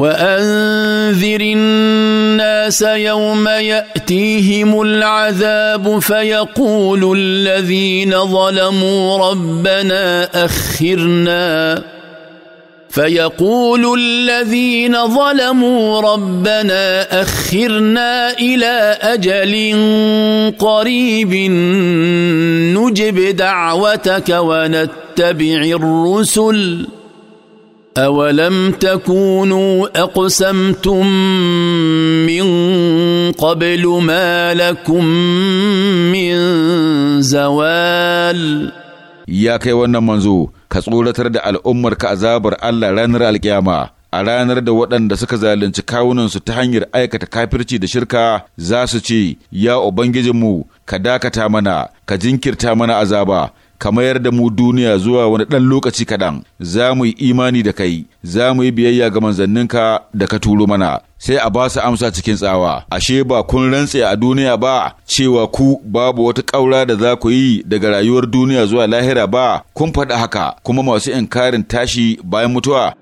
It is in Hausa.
وانذر الناس يوم ياتيهم العذاب فيقول الذين ظلموا ربنا اخرنا فيقول الذين ظلموا ربنا اخرنا الى اجل قريب نجب دعوتك ونتبع الرسل أولم تكونوا أقسمتم من قبل ما لكم من زوال يا كي wannan manzo ka tsoratar da al'ummarka azabar Allah ranar alkiyama a ranar da waɗanda suka zalunci kawunansu ta hanyar aikata kafirci da shirka za su ce, “Ya Ubangijinmu, ka dakata mana, ka jinkirta mana azaba, ka mayar da mu duniya zuwa wani ɗan lokaci kaɗan, za mu yi imani da kai, za mu yi biyayya ga manzanninka da ka turo mana, sai a ba su amsa cikin tsawa, ashe ba kun rantse a duniya ba, cewa ku babu wata ƙaura da za ku yi daga rayuwar duniya zuwa lahira ba, kun faɗa haka, kuma masu inkarin tashi bayan mutuwa.